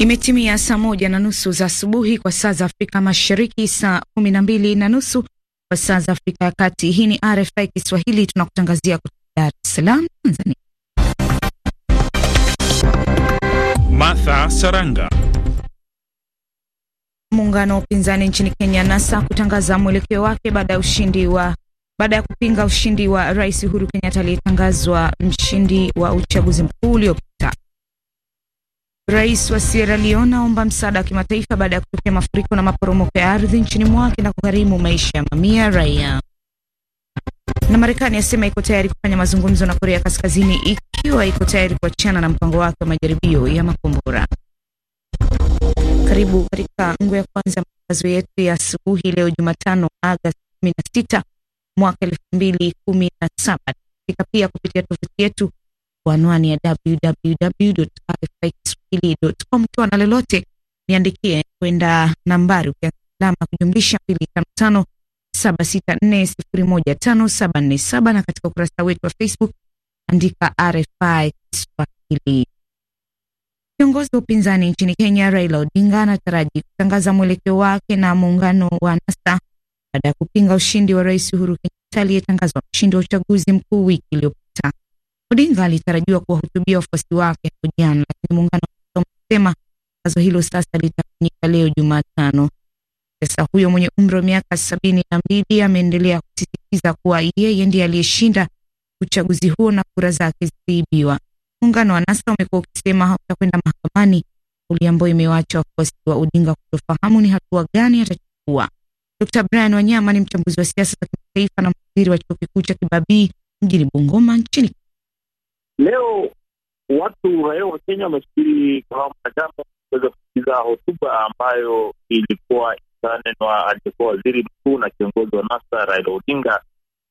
Imetimia saa moja na nusu za asubuhi kwa saa za Afrika Mashariki, saa kumi na mbili na nusu kwa saa za Afrika ya Kati. Hii ni RFI Kiswahili, tunakutangazia kutoka Dar es Salaam, Tanzania. Martha Saranga. Muungano wa upinzani nchini Kenya, NASA, kutangaza mwelekeo wake baada ya ushindi wa baada ya kupinga ushindi wa Rais Uhuru Kenyatta aliyetangazwa mshindi wa uchaguzi mkuu uliopita. Rais wa Sierra Leone aomba msaada wa kimataifa baada ya kutokea mafuriko na maporomoko ya ardhi nchini mwake na kugharimu maisha ya mamia raia. Na Marekani yasema iko tayari kufanya mazungumzo na Korea Kaskazini ikiwa iko tayari kuachana na mpango wake wa majaribio ya makombora. Karibu katika ngo ya kwanza matangazo yetu ya asubuhi leo Jumatano Agosti 16 mwaka 2017. Katika pia kupitia tovuti yetu kwa anwani ya www.rfikiswahili.com. Ukiwa na lolote niandikie kwenda nambari ukianza alama kujumlisha 255 na katika ukurasa wetu wa Facebook andika RFI Kiswahili. Kiongozi wa upinzani nchini Kenya Raila Odinga anataraji kutangaza mwelekeo wake na muungano wa NASA baada ya kupinga ushindi wa Rais Uhuru Kenyatta aliyetangazwa mshindi wa uchaguzi mkuu wiki iliyopita. Odinga alitarajiwa kuwahutubia wafuasi wake hapo jana, lakini muungano umesema wazo hilo sasa litafanyika leo Jumatano. Sasa huyo mwenye umri wa miaka sabini na mbili ameendelea kusisitiza kuwa yeye ndiye aliyeshinda uchaguzi huo na kura zake ziliibiwa. Muungano wa NASA umekuwa ukisema hautakwenda mahakamani, kauli ambayo imewacha wafuasi wa Odinga kutofahamu ni hatua gani atachukua. Dr. Brian Wanyama ni mchambuzi wa siasa za kimataifa na mhadhiri wa chuo kikuu cha Kibabii mjini Bungoma nchini Leo watu raia wa Kenya wamefikiri Kahama Kajama kuweza kusikiza hotuba ambayo ilikuwa itanenwa aliyekuwa waziri mkuu na kiongozi wa NASA Raila Odinga,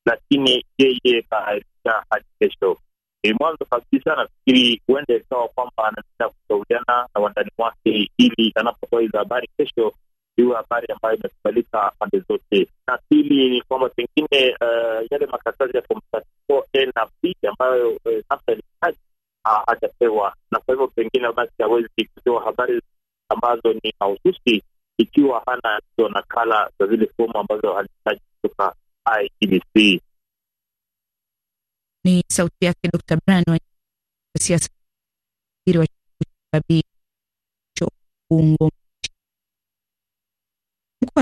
lakini yeye kaahirisha hadi kesho. Ni mwanzo kabisa, nafikiri huenda ikawa kwamba anaendelea kushauriana na wandani wake ili anapotoa hizo habari kesho iwe habari ambayo imekubalika pande zote, na pili ni kwamba pengine uh, yale makatazi ya komsatiko na B ambayo sasa ilihitaji hajapewa, na kwa hivyo pengine basi hawezi kutoa habari ambazo ni mahususi ikiwa hana hizo nakala za zile fomu ambazo alihitaji kutoka IEBC. Ni sauti yake Dr. Brian wa siasa wa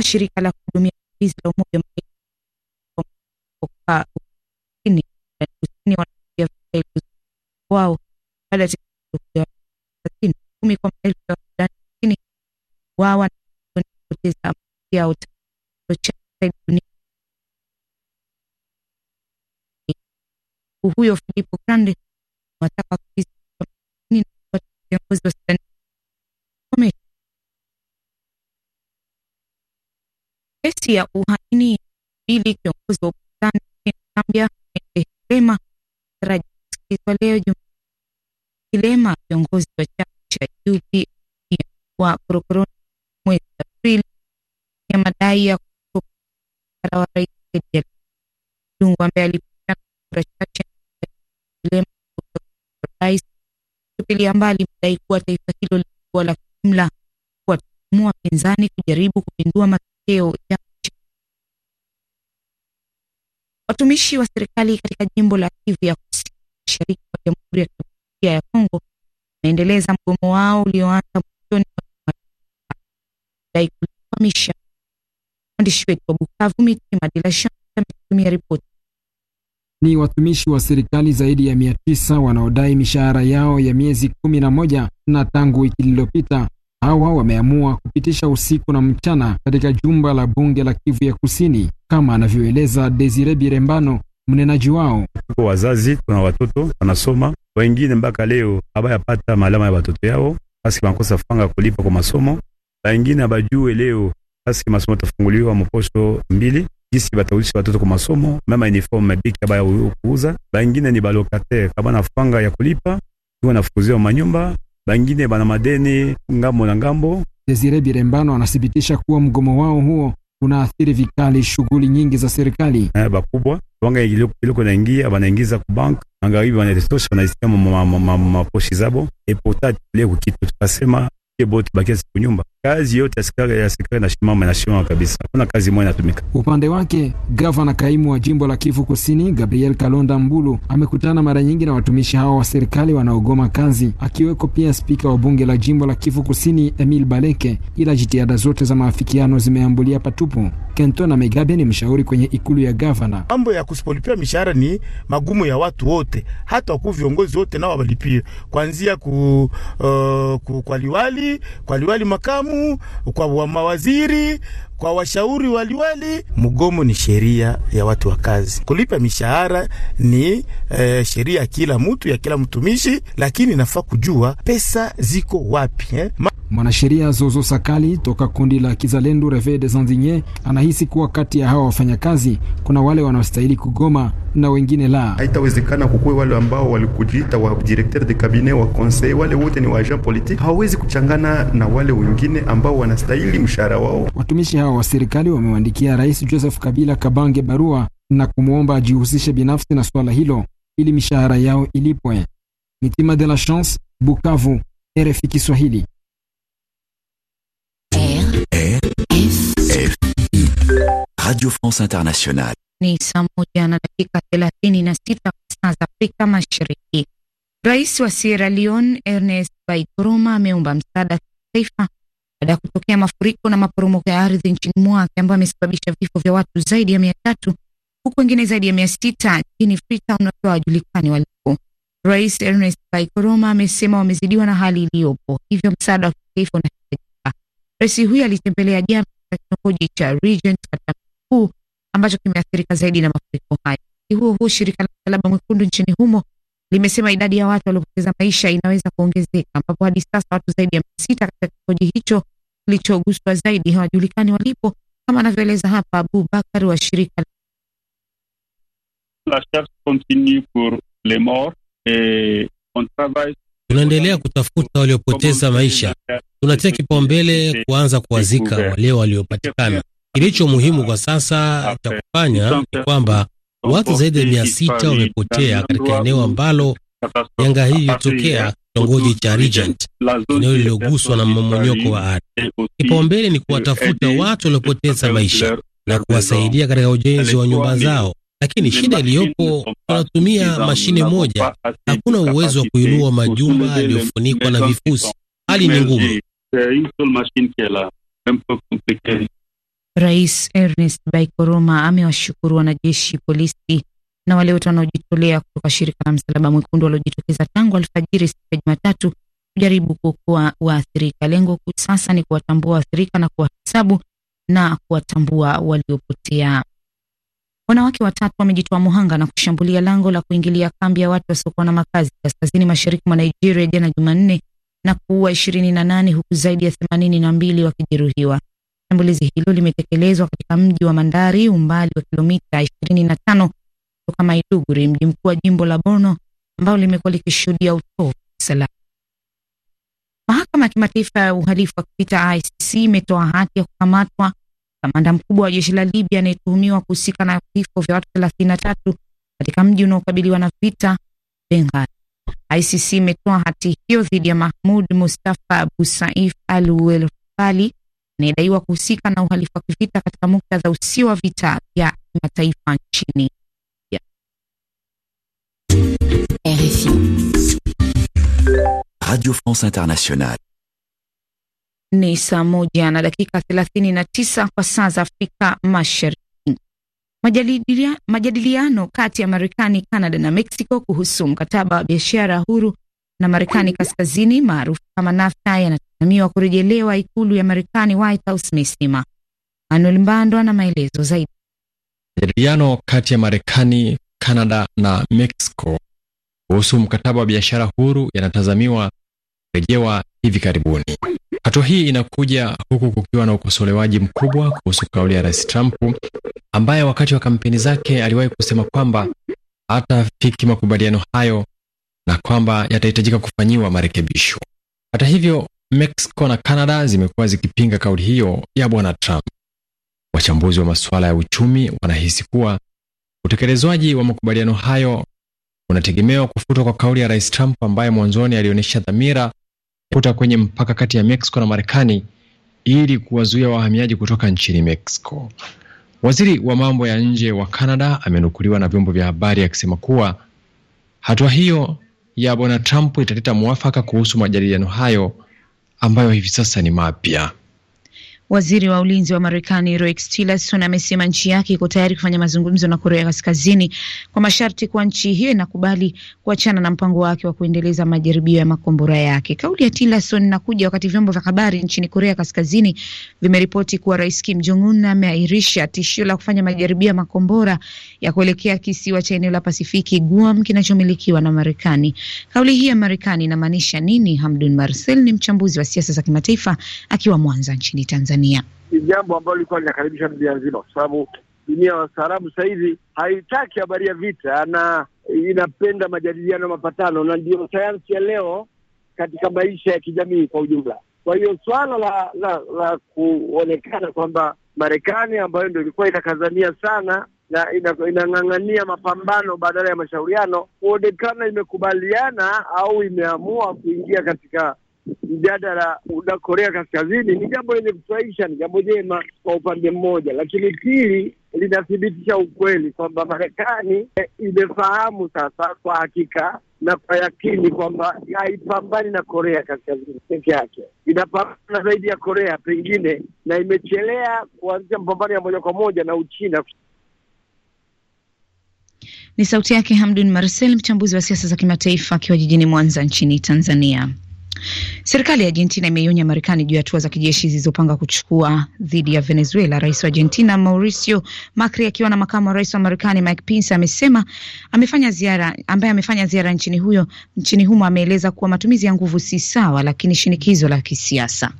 shirika la kuhudumia wakimbizi la Umoja wa Mataifa kusini wanaia vita wao baada ya kaskazini kumi kwa maelfu ya Sudani Kusini wawa na kupoteza yao dunia. Huyo Filipo Grande wataka viongozi wa ya uhaini ili kiongozi wa upinzani nchini Zambia Kilema atarajiwa leo Kilema, kiongozi wa chama cha UP wa korokoroni mwezi Aprili ya madai ya wa rais Lungu ambaye alipita kura chache Kilema rais kutupilia mbali madai kuwa taifa hilo lilikuwa la kimla kuwatumua pinzani kujaribu kupindua matokeo ya Watumishi wa serikali katika jimbo la Kivu ya Kusini, mashariki mwa Jamhuri ya Kidemokrasia ya Kongo wanaendeleza mgomo wao ulioanza mwishoni mwa dai kulipwa Mwandishi wetu wa Bukavu Mitima de la Chance ametumia ripoti. Ni watumishi wa serikali zaidi ya mia tisa wanaodai mishahara yao ya miezi kumi na moja na tangu wiki lililopita hawa wameamua kupitisha usiku na mchana katika jumba la bunge la Kivu ya Kusini, kama anavyoeleza Desire Birembano, mnenaji wao. Tuko wazazi, kuna watoto wanasoma, wengine mpaka leo habayapata malama ya watoto yao basi wanakosa fanga kulipa kwa masomo, wengine abajue leo basi masomo tafunguliwa moposho mbili jisi bataulisha watoto kwa masomo, mama uniform mabiki abaya kuuza, bangine ni balokateri kabana fanga ya kulipa, iwo manyumba bangine bana madeni ngambo na ngambo. Desire Birembano anathibitisha kuwa mgomo wao huo unaathiri vikali shughuli nyingi za serikali. Eh, bakubwa wanga iliko naingia banaingiza ku bank angaribi banatosha wanaisikia maposhi zabo epota tule kukitu tukasema bakia bakesi kunyumba kazi yote ya ya na shimama na shimama kabisa, kuna kazi moja inatumika. Upande wake gavana kaimu wa jimbo la Kivu Kusini Gabriel Kalonda Mbulu amekutana mara nyingi na watumishi hao wa serikali wanaogoma kazi, akiweko pia spika wa bunge la jimbo la Kivu Kusini Emil Baleke, ila jitihada zote za maafikiano zimeambulia patupu. Kentona Megabe ni mshauri kwenye ikulu ya gavana. Mambo ya kusipolipia mishahara ni magumu ya watu wote, hata wakuu viongozi wote nao walipie, kuanzia ku, uh, ku, kwa liwali, kwa liwali makamu CCM, kwa wa mawaziri, kwa washauri waliwali. Mgomo ni sheria ya watu wa kazi. Kulipa mishahara ni e, sheria ya kila mtu ya kila mtumishi, lakini nafaa kujua pesa ziko wapi eh? Mwanasheria Zozo Sakali toka kundi la Kizalendo Reve de Zanzinye anahisi kuwa kati ya hawa wafanyakazi kuna wale wanaostahili kugoma na wengine la. Haitawezekana kukuwe wale ambao walikujiita wa directeur de cabinet wa conseil, wale wote ni wa agent politique, hawawezi kuchangana na wale wengine ambao wanastahili mshahara wao. Watumishi hawa wa serikali wamewandikia Rais Joseph Kabila Kabange barua na kumwomba ajihusishe binafsi na swala hilo ili mishahara yao ilipwe. Mitima de la Chance, Bukavu, RFI Kiswahili. RFI Radio France Internationale. Ni saa moja na dakika 36 kwa saa za Afrika Mashariki. Rais wa Sierra Leone Ernest Bai Koroma ameomba msaada wa kimataifa baada ya kutokea mafuriko na maporomoko ya ardhi nchini mwake ambayo amesababisha vifo vya watu zaidi ya mia tatu huku wengine zaidi ya mia sita nchini Freetown wakiwa wajulikani walipo. Rais Ernest Bai Koroma amesema wamezidiwa na hali iliyopo, hivyo msaada wa kimataifa Rais huyo alitembelea jana katika kitongoji cha Regent katika mji mkuu ambacho kimeathirika zaidi na mafuriko hayo. Huo huo shirika la Msalaba Mwekundu nchini humo limesema idadi ya watu waliopoteza maisha inaweza kuongezeka, ambapo hadi sasa watu zaidi ya mia sita katika kitongoji hicho kilichoguswa zaidi hawajulikani walipo, kama anavyoeleza hapa Abu Bakar wa shirika la tunaendelea kutafuta waliopoteza maisha Tunatia kipaumbele kuanza kuwazika wale waliopatikana. Kilicho muhimu kwa sasa cha kufanya ni kwamba watu zaidi ya mia sita wamepotea katika eneo ambalo janga hili lilitokea, kitongoji cha Regent, eneo lililoguswa na mmomonyoko wa ardhi. Kipaumbele ni kuwatafuta watu waliopoteza maisha na kuwasaidia katika ujenzi wa nyumba zao, lakini shida iliyopo, tunatumia mashine moja, hakuna uwezo wa kuinua majumba yaliyofunikwa na vifusi. Hali ni ngumu. Eh, une seule machine qui est là, un peu compliqué. Rais Ernest Baikoroma amewashukuru wanajeshi, polisi na wale wote wanaojitolea kutoka shirika la Msalaba Mwekundu waliojitokeza tangu alfajiri siku ya Jumatatu kujaribu kuokoa waathirika. Lengo kuu sasa ni kuwatambua waathirika na kuwahesabu na kuwatambua waliopotea. Wanawake watatu wamejitoa muhanga na kushambulia lango la kuingilia kambi ya watu wasiokuwa na makazi kaskazini mashariki mwa Nigeria jana Jumanne, na kuua 28 huku zaidi ya 82 wakijeruhiwa. Shambulizi hilo limetekelezwa katika mji wa Mandari umbali wa kilomita 25 kutoka Maiduguri, mji mkuu wa jimbo la Borno ambao limekuwa likishuhudia utovu wa usalama. Mahakama ya Kimataifa ya Uhalifu wa Kivita ICC imetoa hati ya kukamatwa kamanda mkubwa wa jeshi la Libya anayetuhumiwa kuhusika na vifo vya watu 33 katika mji unaokabiliwa na vita Benghazi. ICC imetoa hati hiyo dhidi ya Mahmud Mustafa Abu Saif Al Welfali anayedaiwa kuhusika na uhalifu wa kivita katika muktadha usio wa vita vya kimataifa nchini. RFI Radio France Internationale. Ni saa moja na dakika 39 kwa saa za Afrika Mashariki. Majadilia, majadiliano kati ya Marekani, Kanada na Mexico kuhusu mkataba wa biashara huru na Marekani kaskazini maarufu kama NAFTA yanatazamiwa kurejelewa ikulu ya Marekani, White House imesema. Manuel Mbando ana maelezo zaidi. Majadiliano kati ya Marekani, Kanada na Mexico kuhusu mkataba wa biashara huru yanatazamiwa kurejewa hivi karibuni. Hatua hii inakuja huku kukiwa na ukosolewaji mkubwa kuhusu kauli ya Rais Trump ambaye wakati wa kampeni zake aliwahi kusema kwamba hatafiki makubaliano hayo na kwamba yatahitajika kufanyiwa marekebisho. Hata hivyo, Mexico na Canada zimekuwa zikipinga kauli hiyo ya Bwana Trump. Wachambuzi wa masuala ya uchumi wanahisi kuwa utekelezwaji wa makubaliano hayo unategemewa kufutwa kwa kauli ya Rais Trump ambaye mwanzoni alionyesha dhamira kuta kwenye mpaka kati ya Mexico na Marekani ili kuwazuia wahamiaji kutoka nchini Mexico. Waziri wa mambo ya nje wa Canada amenukuliwa na vyombo vya habari akisema kuwa hatua hiyo ya bwana Trump italeta mwafaka kuhusu majadiliano hayo ambayo hivi sasa ni mapya. Waziri wa ulinzi wa Marekani Rex Tillerson amesema nchi yake iko tayari kufanya mazungumzo na Korea Kaskazini kwa masharti kuwa nchi hiyo inakubali kuachana na mpango wake wa kuendeleza majaribio ya makombora yake. Kauli ya Tillerson inakuja wakati vyombo vya habari nchini Korea Kaskazini vimeripoti kuwa Rais Kim Jong Un ameahirisha tishio la kufanya majaribio ya makombora ya kuelekea kisiwa cha eneo la Pasifiki Guam kinachomilikiwa na Marekani. Kauli hii ya Marekani inamaanisha nini? Hamdun Marcel ni mchambuzi wa siasa za kimataifa akiwa Mwanza nchini Tanzania. Tanzania? Ni jambo ambalo lilikuwa linakaribisha dunia nzima, kwa sababu dunia ya wastaarabu sasa hivi haitaki habari ya vita na inapenda majadiliano, mapatano, na ndiyo sayansi ya leo katika maisha ya kijamii kwa ujumla. Kwa hiyo swala la la, la kuonekana kwamba Marekani ambayo ndo ilikuwa inakazania sana na inang'ang'ania ina mapambano badala ya mashauriano, huonekana imekubaliana au imeamua kuingia katika mjadala na Korea Kaskazini ni jambo lenye kufurahisha, ni jambo jema kwa upande mmoja, lakini pili linathibitisha ukweli kwamba Marekani e, imefahamu sasa kwa hakika na kwa yakini kwamba haipambani na Korea Kaskazini peke yake, inapambana zaidi ya Korea pengine, na imechelea kuanzisha mapambano ya moja kwa moja na Uchina. Ni sauti yake Hamdun Marcel, mchambuzi wa siasa za kimataifa akiwa jijini Mwanza nchini Tanzania. Serikali ya Argentina imeionya Marekani juu ya hatua za kijeshi zilizopanga kuchukua dhidi ya Venezuela. Rais wa Argentina Mauricio Macri akiwa na makamu wa rais wa Marekani Mike Pence amesema amefanya ziara, ambaye amefanya ziara nchini huyo nchini humo ameeleza kuwa matumizi ya nguvu si sawa, lakini shinikizo la kisiasa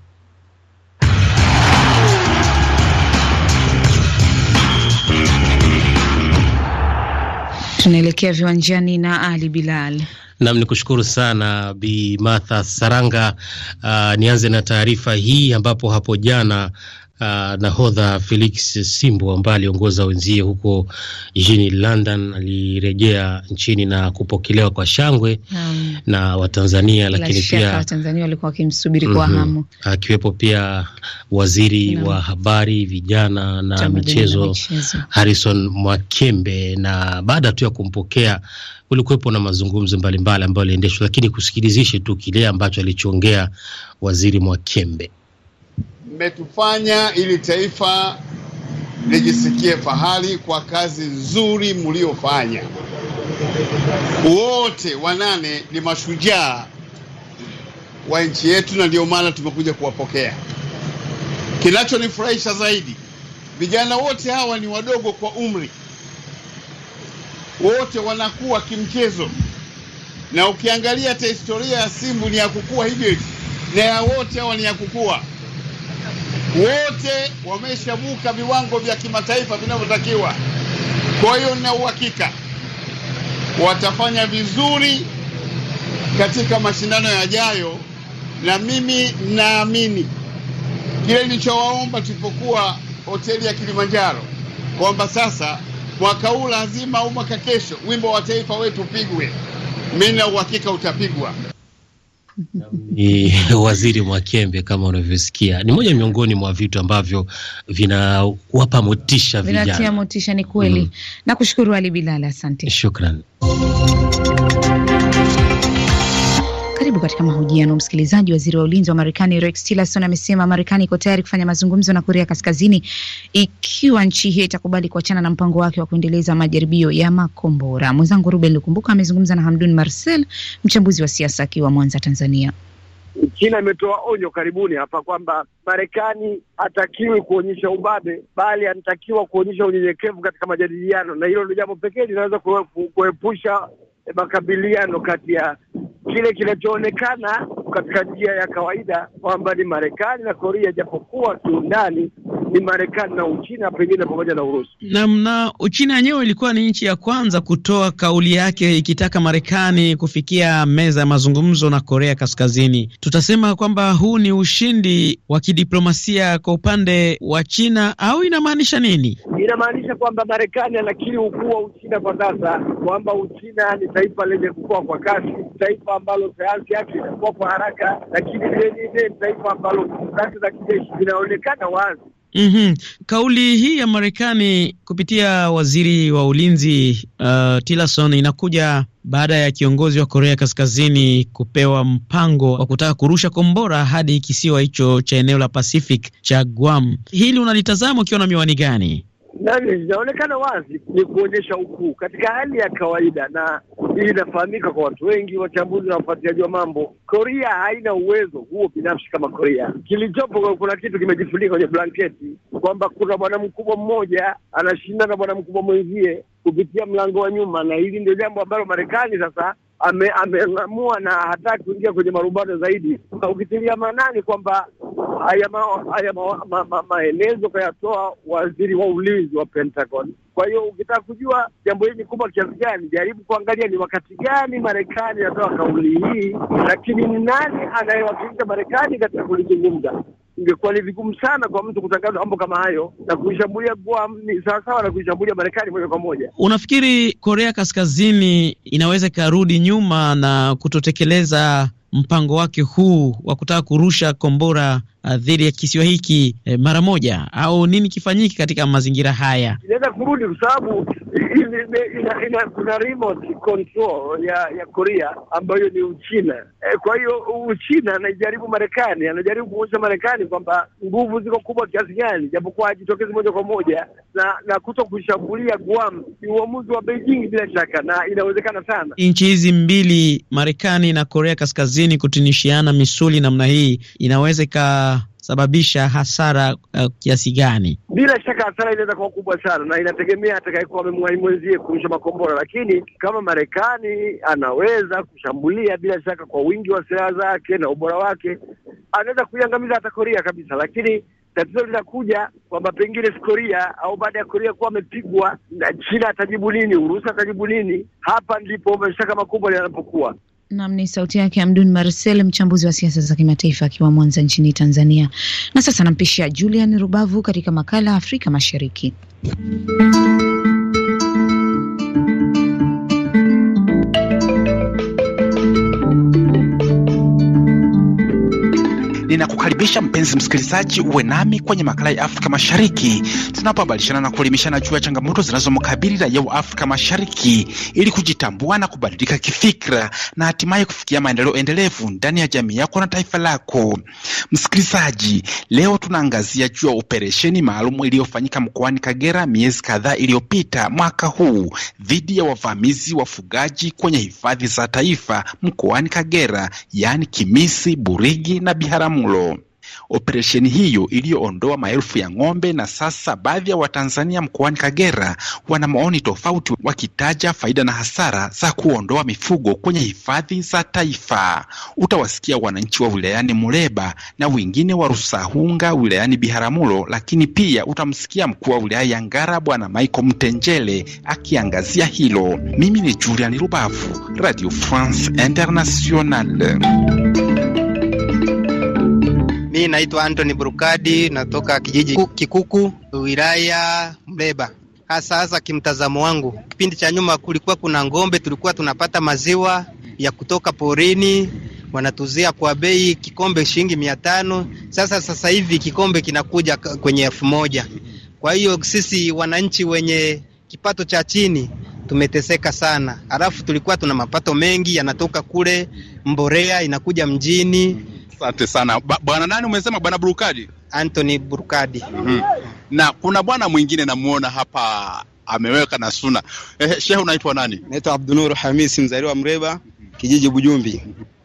Tunaelekea viwanjani na Ali Bilal. Nam, ni kushukuru sana Bi Martha Saranga. Uh, nianze na taarifa hii ambapo hapo jana Uh, nahodha Felix simbo ambaye aliongoza wenzie huko jijini London alirejea nchini na kupokelewa kwa shangwe um, na Watanzania, lakini pia Watanzania walikuwa wakimsubiri kwa mhm. hamu, akiwepo pia waziri no. wa habari, vijana na Tama michezo, michezo Harrison Mwakembe, na baada tu ya kumpokea kulikuwepo na mazungumzo mbalimbali ambayo aliendeshwa, lakini kusikilizishe tu kile ambacho alichoongea waziri Mwakembe mmetufanya ili taifa lijisikie fahari kwa kazi nzuri mliofanya. Wote wanane ni mashujaa wa nchi yetu, na ndio maana tumekuja kuwapokea. Kinachonifurahisha zaidi, vijana wote hawa ni wadogo kwa umri, wote wanakuwa kimchezo, na ukiangalia hata historia ya Simbu ni ya kukua hivyo hivyo, na ya wote hawa ni ya kukua wote wameshavuka viwango vya kimataifa vinavyotakiwa. Kwa hiyo nina uhakika watafanya vizuri katika mashindano yajayo, na mimi naamini kile nilichowaomba tulipokuwa hoteli ya Kilimanjaro kwamba sasa mwaka huu lazima au mwaka kesho wimbo wa taifa wetu upigwe. Mimi na uhakika utapigwa ni Waziri Mwakembe, kama unavyosikia, ni moja miongoni mwa vitu ambavyo vinawapa motisha vijana, vinatia motisha. Ni kweli mm. na kushukuru Ali Bilal, asante, shukran karibu katika mahojiano msikilizaji. Waziri wa ulinzi wa Marekani Rex Tillerson amesema Marekani iko tayari kufanya mazungumzo na Korea Kaskazini ikiwa nchi hiyo itakubali kuachana na mpango wake wa kuendeleza majaribio ya makombora. Mwenzangu Ruben Lukumbuka amezungumza na Hamdun Marcel, mchambuzi wa siasa akiwa Mwanza, Tanzania. China imetoa onyo karibuni hapa kwamba Marekani hatakiwi kuonyesha ubabe, bali anatakiwa kuonyesha unyenyekevu katika majadiliano, na hilo ndio jambo pekee linaweza kuepusha makabiliano kati ya kile kinachoonekana katika njia ya kawaida kwamba ni Marekani na Korea, japokuwa kiundani ni Marekani na Uchina pengine pamoja na Urusi. Naam, na Uchina yenyewe ilikuwa ni nchi ya kwanza kutoa kauli yake ikitaka Marekani kufikia meza ya mazungumzo na Korea Kaskazini. Tutasema kwamba huu ni ushindi wa kidiplomasia kwa upande wa China au inamaanisha nini? Inamaanisha kwamba Marekani anakiri ukuu wa Uchina kwa sasa, kwamba Uchina ni taifa lenye kukua kwa kasi, taifa ambalo sayansi yake inakuwa kwa haraka, lakini vilevile taifa ambalo kazi za kijeshi zinaonekana wazi. Mm -hmm. Kauli hii ya Marekani kupitia waziri wa ulinzi uh, Tillerson inakuja baada ya kiongozi wa Korea Kaskazini kupewa mpango wa kutaka kurusha kombora hadi kisiwa hicho cha eneo la Pacific cha Guam. Hili unalitazama ukiwa na miwani gani? nani zinaonekana wazi, ni kuonyesha ukuu katika hali ya kawaida, na hili inafahamika kwa watu wengi, wachambuzi na wafuatiliaji wa mambo. Korea haina uwezo huo binafsi kama Korea. Kilichopo, kuna kitu kimejifunika kwenye blanketi, kwamba kuna bwana mkubwa mmoja anashinda na bwana mkubwa mwenzie kupitia mlango wa nyuma, na hili ndio jambo ambalo Marekani sasa ameamua ame, na hataki kuingia kwenye marubano zaidi, ukitilia maanani kwamba haya, ma, haya ma, ma, ma, maelezo kayatoa waziri wa ulinzi wa Pentagon. Kwa hiyo ukitaka kujua jambo hili ni kubwa kiasi gani, jaribu kuangalia ni wakati gani Marekani anatoa kauli hii, lakini ni nani anayewakilisha Marekani katika kulizungumza. Ingekuwa ni vigumu sana kwa mtu kutangaza mambo kama hayo na kuishambulia Guam, ni sawasawa na kuishambulia Marekani moja kwa moja. Unafikiri Korea Kaskazini inaweza ikarudi nyuma na kutotekeleza mpango wake huu wa kutaka kurusha kombora Eh, dhidi ya kisiwa hiki eh, mara moja au nini kifanyike katika mazingira haya? Inaweza kurudi kwa sababu kuna remote control ya ya Korea ambayo ni Uchina. E, kwa hiyo Uchina anajaribu Marekani, anajaribu kuonyesha Marekani kwamba nguvu ziko kubwa kiasi gani, japokuwa hajitokezi moja kwa moja na na kuto kushambulia Guam ni uamuzi wa Beijing bila shaka, na inawezekana sana nchi hizi mbili Marekani na Korea Kaskazini kutinishiana misuli namna hii inaweza ika sababisha hasara uh, kiasi gani? Bila shaka hasara inaweza kuwa kubwa sana, na inategemea atakayekuwa amemwalimu mwenzie kurusha makombora, lakini kama Marekani anaweza kushambulia bila shaka kwa wingi wa silaha zake na ubora wake, anaweza kuiangamiza hata Korea kabisa, lakini tatizo linakuja kwamba pengine Korea au baada ya Korea kuwa amepigwa na China atajibu nini? Urusi atajibu nini? Hapa ndipo mashaka makubwa yanapokuwa. Nam ni sauti yake Amdun Marcel, mchambuzi wa siasa za kimataifa akiwa Mwanza nchini Tanzania. Na sasa nampishia Julian Rubavu katika makala Afrika Mashariki. Ninakukaribisha mpenzi msikilizaji, uwe nami kwenye makala ya Afrika Mashariki tunapobadilishana na kuelimishana juu ya changamoto zinazomkabili raia wa Afrika Mashariki ili kujitambua na kubadilika kifikira na hatimaye kufikia maendeleo endelevu ndani ya jamii yako na taifa lako. Msikilizaji, leo tunaangazia juu ya operesheni maalum iliyofanyika mkoani Kagera miezi kadhaa iliyopita mwaka huu dhidi ya wavamizi wafugaji kwenye hifadhi za taifa mkoani Kagera, yani Kimisi, Burigi na Biharamulo mlo. Operesheni hiyo iliyoondoa maelfu ya ng'ombe, na sasa baadhi ya Watanzania mkoani Kagera wana maoni tofauti, wakitaja faida na hasara za kuondoa mifugo kwenye hifadhi za taifa. Utawasikia wananchi wa wilayani Muleba na wengine wa Rusahunga wilayani Biharamulo, lakini pia utamsikia mkuu wa wilaya ya Ngara Bwana Michael Mtenjele akiangazia hilo. Mimi ni Julian Rubavu, Radio France Internationale. Mi naitwa Anthony Brukadi, natoka kijiji Kikuku, wilaya Mleba. Hasa hasa kimtazamo wangu, kipindi cha nyuma kulikuwa kuna ng'ombe, tulikuwa tunapata maziwa ya kutoka porini, wanatuzia kwa bei kikombe shilingi mia tano. Sasa sasa hivi kikombe kinakuja kwenye elfu moja. Kwa hiyo sisi wananchi wenye kipato cha chini tumeteseka sana, alafu tulikuwa tuna mapato mengi yanatoka kule, mborea inakuja mjini Asante sana bwana. Nani umesema bwana Burukadi? Anthony Burukadi. mm -hmm. Na kuna bwana mwingine namuona hapa ameweka na suna. Eh, shehe unaitwa nani? Naitwa Abdunuru Hamisi, mzaliwa Mreba, kijiji Bujumbi.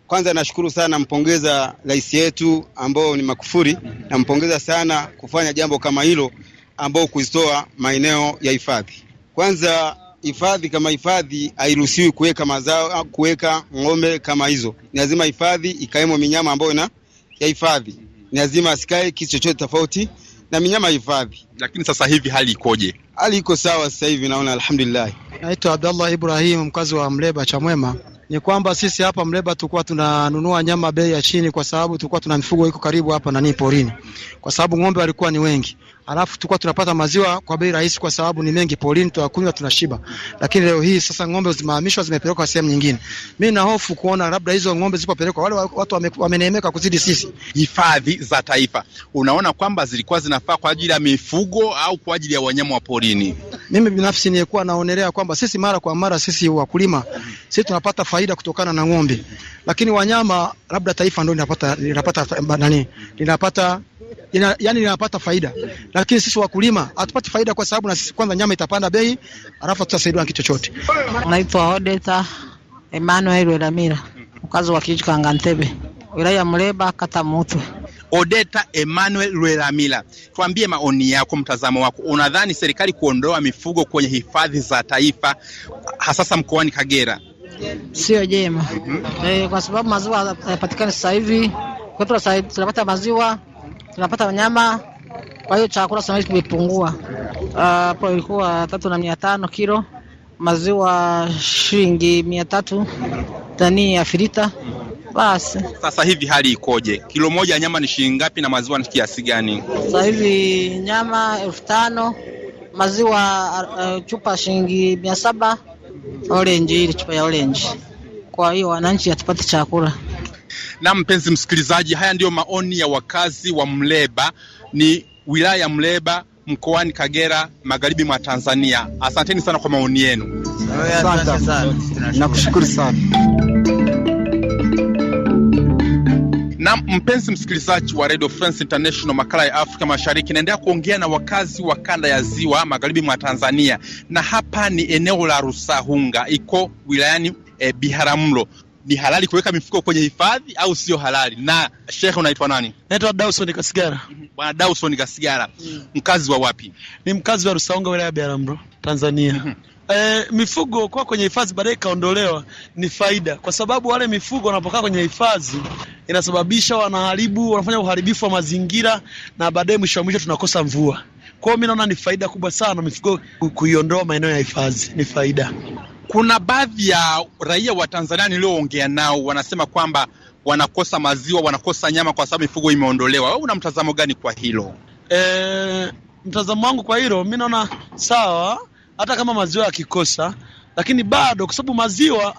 Kwanza nashukuru sana, mpongeza rais yetu ambao ni Makufuri, nampongeza sana kufanya jambo kama hilo ambao kuzitoa maeneo ya hifadhi. Kwanza hifadhi kama hifadhi hairuhusiwi kuweka mazao, kuweka ng'ombe kama hizo. Ni lazima hifadhi ikawemo minyama ambayo na ya hifadhi, ni lazima asikae kitu chochote tofauti na minyama ya hifadhi. Lakini sasa hivi hali ikoje? Hali iko sawa sasa hivi, naona alhamdulillah. Naitwa Abdallah Ibrahim, mkazi wa Mleba Chamwema. Ni kwamba sisi hapa Mleba tulikuwa tunanunua nyama bei ya chini, kwa sababu tulikuwa tuna mifugo iko karibu hapa na ni porini, kwa sababu ng'ombe walikuwa ni wengi alafu tulikuwa tunapata maziwa kwa bei rahisi, kwa sababu ni mengi polini, tunakunywa tunashiba. Lakini leo hii sasa ng'ombe zimehamishwa, zimepelekwa sehemu nyingine. Mi na hofu kuona labda hizo ng'ombe zilipopelekwa, wale watu wame, wameneemeka kuzidi sisi. Hifadhi za taifa, unaona kwamba zilikuwa zinafaa kwa ajili ya mifugo au kwa ajili ya wanyama wa porini? Mimi binafsi niyekuwa naonelea kwamba sisi mara kwa mara sisi wakulima sisi tunapata faida kutokana na ng'ombe, lakini wanyama labda taifa ndo linapata linapata nani linapata ina, yani inapata faida, lakini sisi wakulima hatupati faida, kwa sababu na sisi kwanza nyama itapanda bei, alafu tutasaidiwa kitu chochote. Naitwa Odeta Emmanuel Ramira, mkazi wa kijiji Kangantebe, wilaya ya Muleba, kata Mutwe. Odeta Emmanuel Lwelamila, tuambie maoni yako, mtazamo wako, unadhani serikali kuondoa mifugo kwenye hifadhi za taifa hasasa mkoani Kagera sio jema? mm -hmm. E, kwa sababu maziwa hayapatikani sasa hivi, tunapata maziwa tunapata wanyama, kwa hiyo chakula tunaweza kimepungua. Ah, hapo uh, ilikuwa tatu na mia tano kilo, maziwa shilingi mia tatu tani ya filita. Basi sasa hivi hali ikoje? Kilo moja ya nyama ni shilingi ngapi na maziwa ni kiasi gani? Sasa hivi nyama elfu tano maziwa uh, chupa shilingi mia saba orange, ile chupa ya orange. Kwa hiyo wananchi hatupate chakula. Na mpenzi msikilizaji, haya ndiyo maoni ya wakazi wa Mleba, ni wilaya ya Mleba mkoani Kagera, magharibi mwa Tanzania. Asanteni sana kwa maoni yenu. sana, nakushukuru sana. Na mpenzi msikilizaji wa Radio France International, makala ya Afrika Mashariki naendelea kuongea na wakazi wa kanda ya Ziwa, magharibi mwa Tanzania, na hapa ni eneo la Rusahunga, iko wilayani e, Biharamulo ni halali kuweka mifuko kwenye hifadhi au sio halali? Na shekhe, unaitwa nani? Naitwa Dawson Kasigara. Mhm. Bwana Dawson Kasigara, mm. mkazi wa wapi? Ni mkazi wa Rusaunga, wilaya ya Biharamulo, Tanzania. mm E, mifugo kwa kwenye hifadhi baadaye ikaondolewa ni faida, kwa sababu wale mifugo wanapokaa kwenye hifadhi inasababisha wanaharibu, wanafanya uharibifu wa mazingira na baadaye mwisho wa mwisho tunakosa mvua. Kwa hiyo mimi naona ni faida kubwa sana mifugo kuiondoa maeneo ya hifadhi, ni faida. Kuna baadhi ya raia wa Tanzania nilioongea nao wanasema kwamba wanakosa maziwa, wanakosa nyama kwa sababu mifugo imeondolewa. Wewe una mtazamo gani kwa hilo? E, mtazamo wangu kwa hilo mi naona sawa, hata kama maziwa yakikosa, lakini bado kwa sababu maziwa,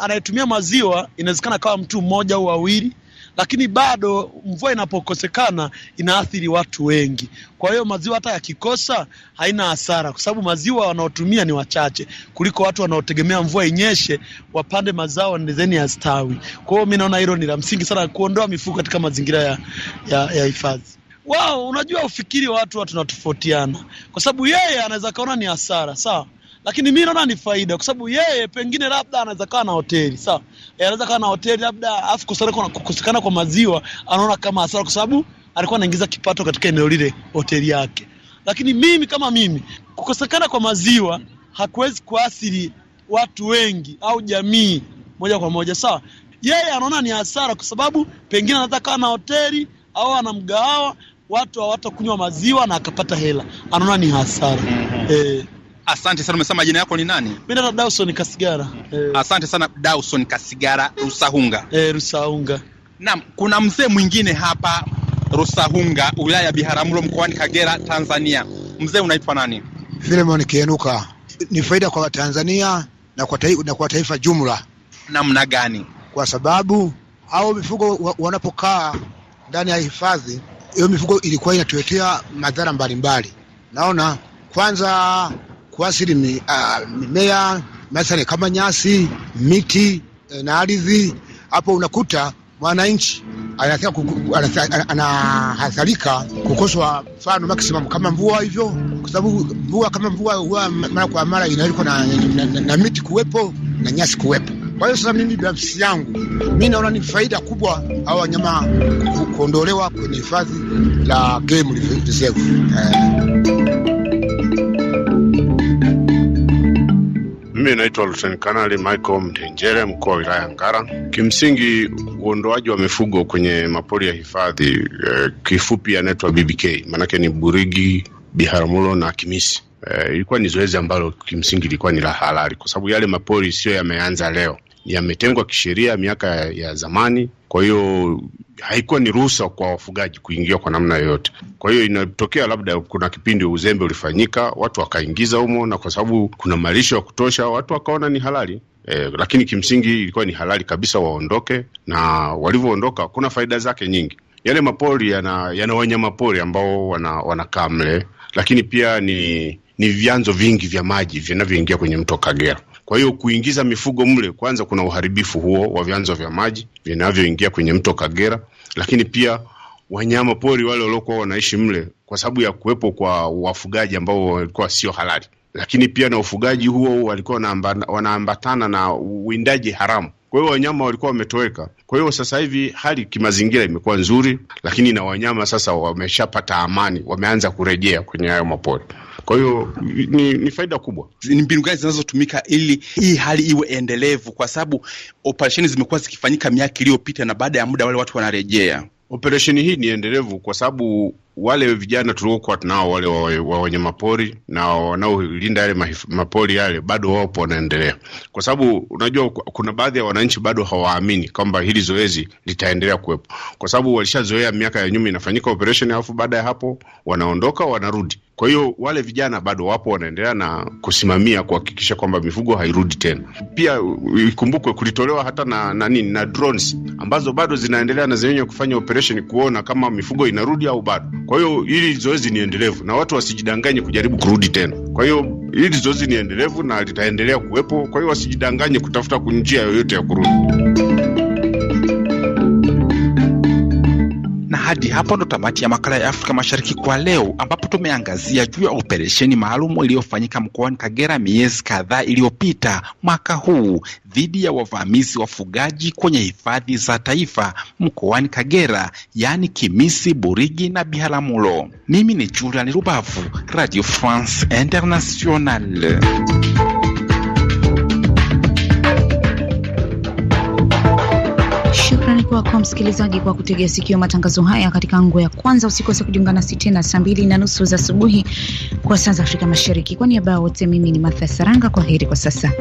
anayetumia maziwa inawezekana kawa mtu mmoja au wawili lakini bado mvua inapokosekana inaathiri watu wengi. Kwa hiyo maziwa hata yakikosa haina hasara, kwa sababu maziwa wanaotumia ni wachache kuliko watu wanaotegemea mvua inyeshe wapande mazao ndezeni yastawi. Kwa hiyo mi naona hilo ni la msingi sana, kuondoa mifugo katika mazingira ya, ya, ya hifadhi wao. Unajua, ufikiri wa watu watu tunatofautiana, kwa sababu yeye anaweza kaona ni hasara sawa lakini mi naona ni faida, kwa sababu yeye pengine labda anaweza kaa na hoteli sawa, anaweza kaa na hoteli labda, afu kukosekana kwa maziwa anaona kama hasara, kwa sababu alikuwa anaingiza kipato katika eneo lile hoteli yake. Lakini mimi kama mimi, kukosekana kwa maziwa hakuwezi kuathiri watu wengi au jamii moja kwa moja sawa. Yeye anaona ni hasara, kwa sababu pengine anaweza kaa na hoteli au ana mgahawa, watu hawatakunywa maziwa na akapata hela, anaona ni hasara mm -hmm. eh. Asante sana. Umesema jina yako ni nani? Mimi naitwa Dawson Kasigara. Eh. Asante sana Dawson Kasigara Rusahunga. Eh, Rusahunga. Naam, kuna mzee mwingine hapa Rusahunga, wilaya ya Biharamulo, mkoani Kagera, Tanzania. Mzee unaitwa nani? Filemon Kienuka. Ni faida kwa Tanzania na kwa taifa, na kwa taifa jumla. Namna gani? Kwa sababu hao mifugo wanapokaa ndani ya hifadhi, hiyo mifugo ilikuwa inatuletea madhara mbalimbali. Naona kwanza kuasili mimea mathalani kama nyasi, miti e, na ardhi. Hapo unakuta mwananchi anahadharika kukoswa mfano maximum kama mvua hivyo, kwa sababu mvua kama mvua huwa mara kwa mara inaliko na, na, na, na miti kuwepo na nyasi kuwepo. Kwa hiyo sasa, mimi binafsi yangu mi naona ni faida kubwa hawa wanyama kuondolewa kwenye hifadhi la game reserve eh. Mimi naitwa Luteni Kanali Michael Mtenjere, mkuu wa wilaya Ngara. Kimsingi, uondoaji wa mifugo kwenye mapori ya hifadhi eh, kifupi yanaitwa BBK, maanake ni Burigi, Biharamulo na Kimisi. Eh, ilikuwa ni zoezi ambalo kimsingi ilikuwa ni la halali, kwa sababu yale mapori sio yameanza leo yametengwa kisheria miaka ya, ya zamani. Kwa hiyo haikuwa ni ruhusa kwa wafugaji kuingia kwa namna yoyote. Kwa hiyo inatokea labda kuna kipindi uzembe ulifanyika, watu wakaingiza humo, na kwa sababu kuna malisho ya kutosha, watu wakaona ni halali. Eh, lakini kimsingi ilikuwa ni halali kabisa waondoke, na walivyoondoka kuna faida zake nyingi. Yale mapori yana, yana wanyama pori ambao wanakaa mle, lakini pia ni, ni vyanzo vingi vya maji vinavyoingia kwenye mto Kagera. Kwa hiyo kuingiza mifugo mle, kwanza kuna uharibifu huo wa vyanzo vya maji vinavyoingia kwenye mto Kagera, lakini pia wanyama pori wale waliokuwa wanaishi mle kwa sababu ya kuwepo kwa wafugaji ambao walikuwa sio halali, lakini pia na ufugaji huo walikuwa wanaambatana na uwindaji haramu. Kwa hiyo wanyama walikuwa wametoweka. Kwa hiyo sasa hivi hali kimazingira imekuwa nzuri, lakini na wanyama sasa wameshapata amani, wameanza kurejea kwenye hayo mapori. Kwa hiyo ni, ni faida kubwa. Ni mbinu gani zinazotumika ili hii hali iwe endelevu? Kwa sababu operesheni zimekuwa zikifanyika miaka iliyopita na baada ya muda wale watu wanarejea operesheni hii ni endelevu kwa sababu wale vijana tuliokuwa tunao wale wa wanyamapori na wanaolinda yale mapori yale bado wapo wanaendelea, kwa sababu unajua kuna baadhi ya wananchi bado hawaamini kwamba hili zoezi litaendelea kuwepo, kwa sababu walishazoea miaka ya nyuma inafanyika operesheni alafu baada ya hapo wanaondoka wanarudi. Kwa hiyo wale vijana bado wapo wanaendelea na kusimamia kuhakikisha kwamba mifugo hairudi tena. Pia ikumbukwe kulitolewa hata na na na drones ambazo bado zinaendelea na zenyewe kufanya operation kuona kama mifugo inarudi au bado. Kwa hiyo hili zoezi ni endelevu na watu wasijidanganye kujaribu kurudi tena. Kwa hiyo hili zoezi ni endelevu na litaendelea kuwepo, kwa hiyo wasijidanganye kutafuta njia yoyote ya kurudi. Hadi hapo ndo tamati ya makala ya Afrika Mashariki kwa leo, ambapo tumeangazia juu ya operesheni maalum iliyofanyika mkoani Kagera miezi kadhaa iliyopita mwaka huu dhidi ya wavamizi wafugaji kwenye hifadhi za taifa mkoani Kagera, yaani Kimisi, Burigi na Biharamulo. Mimi ni Julian Rubavu, Radio France International. shukrani kwako msikilizaji kwa kutegea sikio matangazo haya katika ngo ya kwanza. Usikose kujiunga nasi tena saa mbili na nusu za asubuhi kwa saa za Afrika Mashariki. Kwa niaba ya wote, mimi ni Martha Saranga. Kwa heri kwa sasa.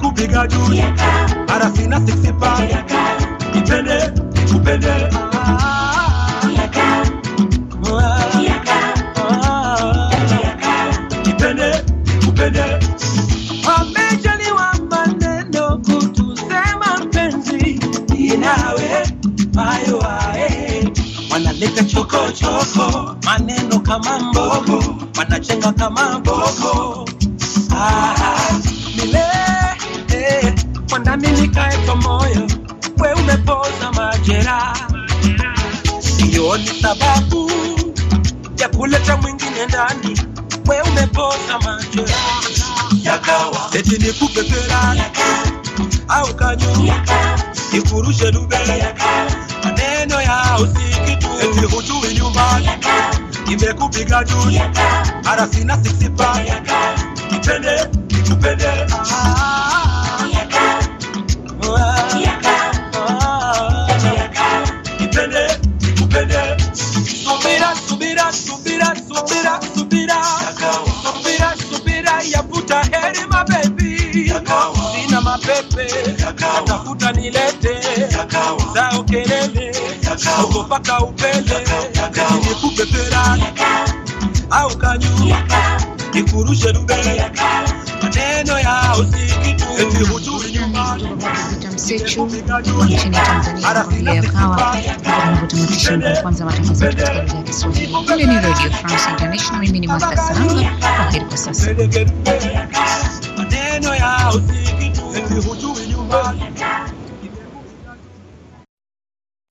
kupiga juu arafina six pack ipende kupende ipende kupende amejaliwa maneno kutusema mpenzi inawe ayo kama mbogo wanajenga kama mbogo sababu ya kuleta mwingine ndani, we umepoza macho yakawa eti ni kupepera au kanyu ikurushe dube maneno ya usiki tu eti hujui nyumbani imekupiga duni mara sina sisipa nipende nikupende ah. sina mapepe, natafuta nilete zao kelele huko paka upele eti nikupepera au kanyu nikurushe dubele maneno ya si kitu eti hujui nyumbani kwanza matangazo ni Radio France International. Mimi ni Mwasta Salama. Kwaheri kwa sasa. no ya usikitu eti hujui nyumbani